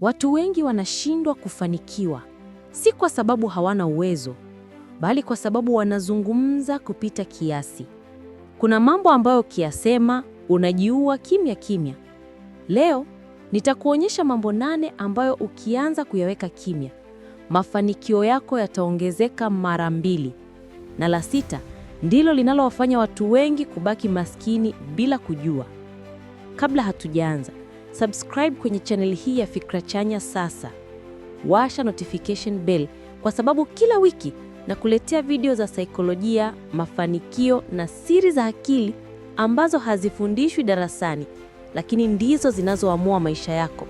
Watu wengi wanashindwa kufanikiwa, si kwa sababu hawana uwezo, bali kwa sababu wanazungumza kupita kiasi. Kuna mambo ambayo ukiyasema unajiua kimya kimya. Leo nitakuonyesha mambo nane ambayo ukianza kuyaweka kimya, mafanikio yako yataongezeka mara mbili. Na la sita ndilo linalowafanya watu wengi kubaki maskini bila kujua. Kabla hatujaanza subscribe kwenye chaneli hii ya Fikra Chanya sasa. Washa notification bell kwa sababu kila wiki na kuletea video za saikolojia, mafanikio na siri za akili ambazo hazifundishwi darasani, lakini ndizo zinazoamua maisha yako.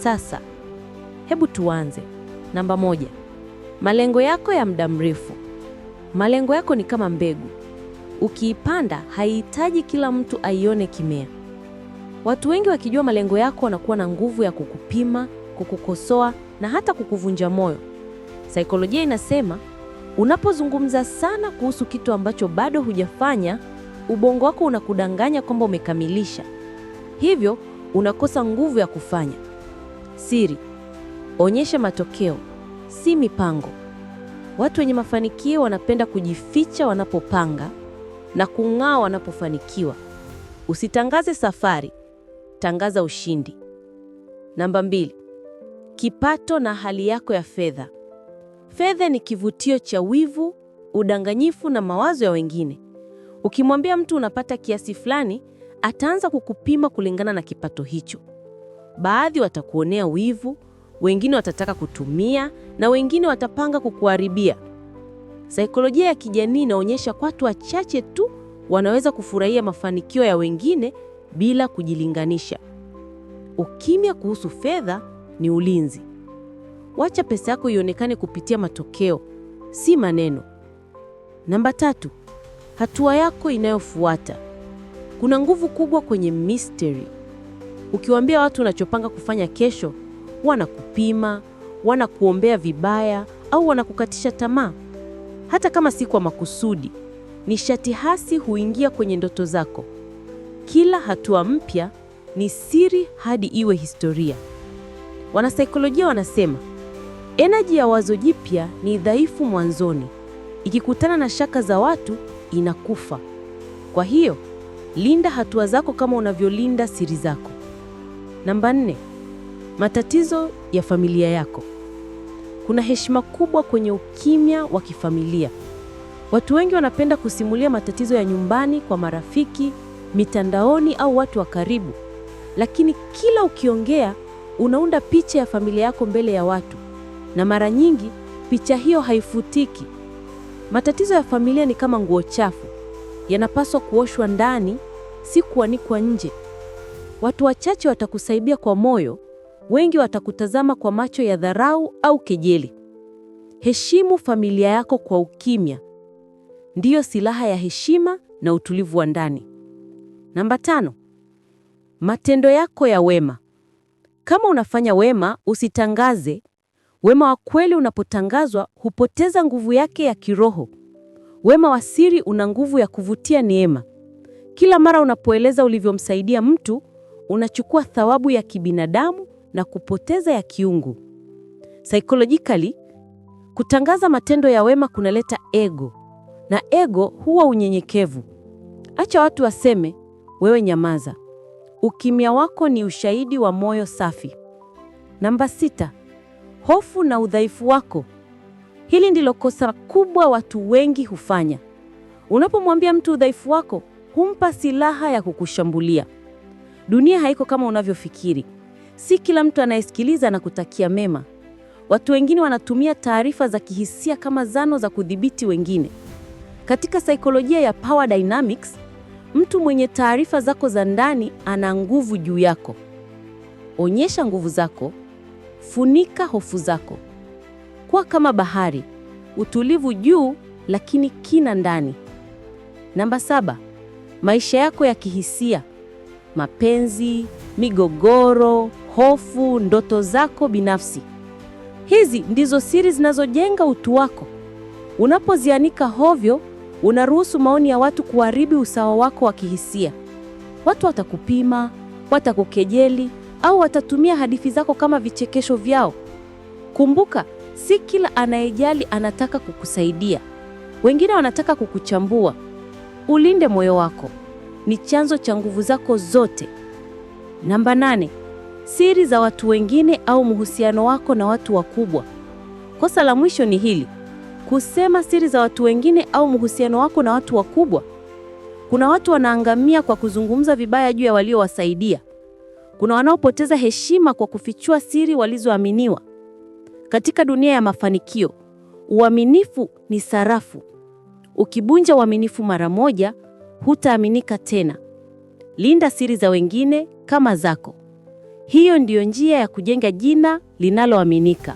Sasa hebu tuanze. Namba moja, malengo yako ya muda mrefu. Malengo yako ni kama mbegu, ukiipanda haihitaji kila mtu aione kimea Watu wengi wakijua malengo yako wanakuwa na nguvu ya kukupima, kukukosoa na hata kukuvunja moyo. Saikolojia inasema unapozungumza sana kuhusu kitu ambacho bado hujafanya, ubongo wako unakudanganya kwamba umekamilisha, hivyo unakosa nguvu ya kufanya. Siri: onyesha matokeo, si mipango. Watu wenye mafanikio wanapenda kujificha wanapopanga na kung'aa wanapofanikiwa. Usitangaze safari, tangaza ushindi. Namba mbili, kipato na hali yako ya fedha. Fedha ni kivutio cha wivu, udanganyifu na mawazo ya wengine. Ukimwambia mtu unapata kiasi fulani, ataanza kukupima kulingana na kipato hicho. Baadhi watakuonea wivu, wengine watataka kutumia na wengine watapanga kukuharibia. Saikolojia ya kijamii inaonyesha watu wachache tu wanaweza kufurahia mafanikio ya wengine bila kujilinganisha. Ukimya kuhusu fedha ni ulinzi. Wacha pesa yako ionekane kupitia matokeo, si maneno. Namba tatu, hatua yako inayofuata. Kuna nguvu kubwa kwenye mystery. Ukiwaambia watu unachopanga kufanya kesho, wanakupima, wanakuombea vibaya au wanakukatisha tamaa. Hata kama si kwa makusudi, nishati hasi huingia kwenye ndoto zako. Kila hatua mpya ni siri hadi iwe historia. Wanasaikolojia wanasema enaji ya wazo jipya ni dhaifu mwanzoni, ikikutana na shaka za watu inakufa. Kwa hiyo linda hatua zako kama unavyolinda siri zako. Namba nne, matatizo ya familia yako. Kuna heshima kubwa kwenye ukimya wa kifamilia. Watu wengi wanapenda kusimulia matatizo ya nyumbani kwa marafiki mitandaoni au watu wa karibu, lakini kila ukiongea unaunda picha ya familia yako mbele ya watu, na mara nyingi picha hiyo haifutiki. Matatizo ya familia ni kama nguo chafu, yanapaswa kuoshwa ndani, si kuanikwa nje. Watu wachache watakusaidia kwa moyo, wengi watakutazama kwa macho ya dharau au kejeli. Heshimu familia yako kwa ukimya, ndiyo silaha ya heshima na utulivu wa ndani. Namba tano, matendo yako ya wema. Kama unafanya wema, usitangaze. Wema wa kweli unapotangazwa hupoteza nguvu yake ya kiroho. Wema wa siri una nguvu ya kuvutia neema. Kila mara unapoeleza ulivyomsaidia mtu, unachukua thawabu ya kibinadamu na kupoteza ya kiungu. Psychologically, kutangaza matendo ya wema kunaleta ego, na ego huwa unyenyekevu. Acha watu waseme wewe nyamaza. Ukimya wako ni ushahidi wa moyo safi. Namba sita, hofu na udhaifu wako. Hili ndilo kosa kubwa watu wengi hufanya. Unapomwambia mtu udhaifu wako, humpa silaha ya kukushambulia. Dunia haiko kama unavyofikiri. Si kila mtu anayesikiliza na kutakia mema. Watu wengine wanatumia taarifa za kihisia kama zano za kudhibiti wengine. Katika saikolojia ya power dynamics, Mtu mwenye taarifa zako za ndani ana nguvu juu yako. Onyesha nguvu zako, funika hofu zako. Kuwa kama bahari, utulivu juu, lakini kina ndani. Namba saba, maisha yako ya kihisia, mapenzi, migogoro, hofu, ndoto zako binafsi. Hizi ndizo siri zinazojenga utu wako. Unapozianika hovyo, Unaruhusu maoni ya watu kuharibu usawa wako wa kihisia. Watu watakupima, watakukejeli au watatumia hadithi zako kama vichekesho vyao. Kumbuka, si kila anayejali anataka kukusaidia. Wengine wanataka kukuchambua. Ulinde moyo wako, ni chanzo cha nguvu zako zote. Namba nane: siri za watu wengine au mhusiano wako na watu wakubwa. Kosa la mwisho ni hili kusema siri za watu wengine au mhusiano wako na watu wakubwa. Kuna watu wanaangamia kwa kuzungumza vibaya juu ya waliowasaidia. Kuna wanaopoteza heshima kwa kufichua siri walizoaminiwa. Katika dunia ya mafanikio, uaminifu ni sarafu. Ukibunja uaminifu mara moja, hutaaminika tena. Linda siri za wengine kama zako. Hiyo ndiyo njia ya kujenga jina linaloaminika.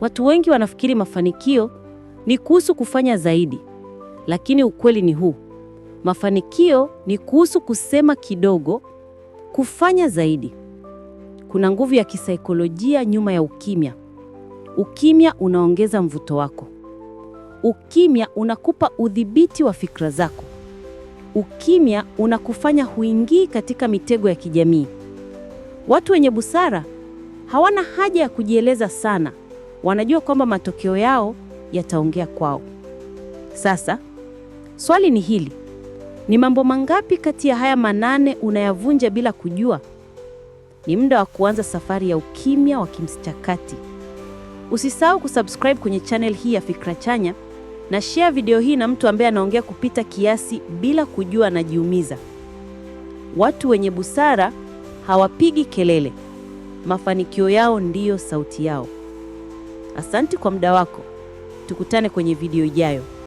Watu wengi wanafikiri mafanikio ni kuhusu kufanya zaidi, lakini ukweli ni huu: mafanikio ni kuhusu kusema kidogo, kufanya zaidi. Kuna nguvu ya kisaikolojia nyuma ya ukimya. Ukimya unaongeza mvuto wako. Ukimya unakupa udhibiti wa fikra zako. Ukimya unakufanya huingii katika mitego ya kijamii. Watu wenye busara hawana haja ya kujieleza sana, wanajua kwamba matokeo yao yataongea kwao. Sasa swali ni hili, ni mambo mangapi kati ya haya manane unayavunja bila kujua? Ni muda wa kuanza safari ya ukimya wa kimkakati. Usisahau kusubscribe kwenye channel hii ya Fikra Chanya na share video hii na mtu ambaye anaongea kupita kiasi bila kujua anajiumiza. Watu wenye busara hawapigi kelele, mafanikio yao ndiyo sauti yao. Asanti kwa muda wako. Tukutane kwenye video ijayo.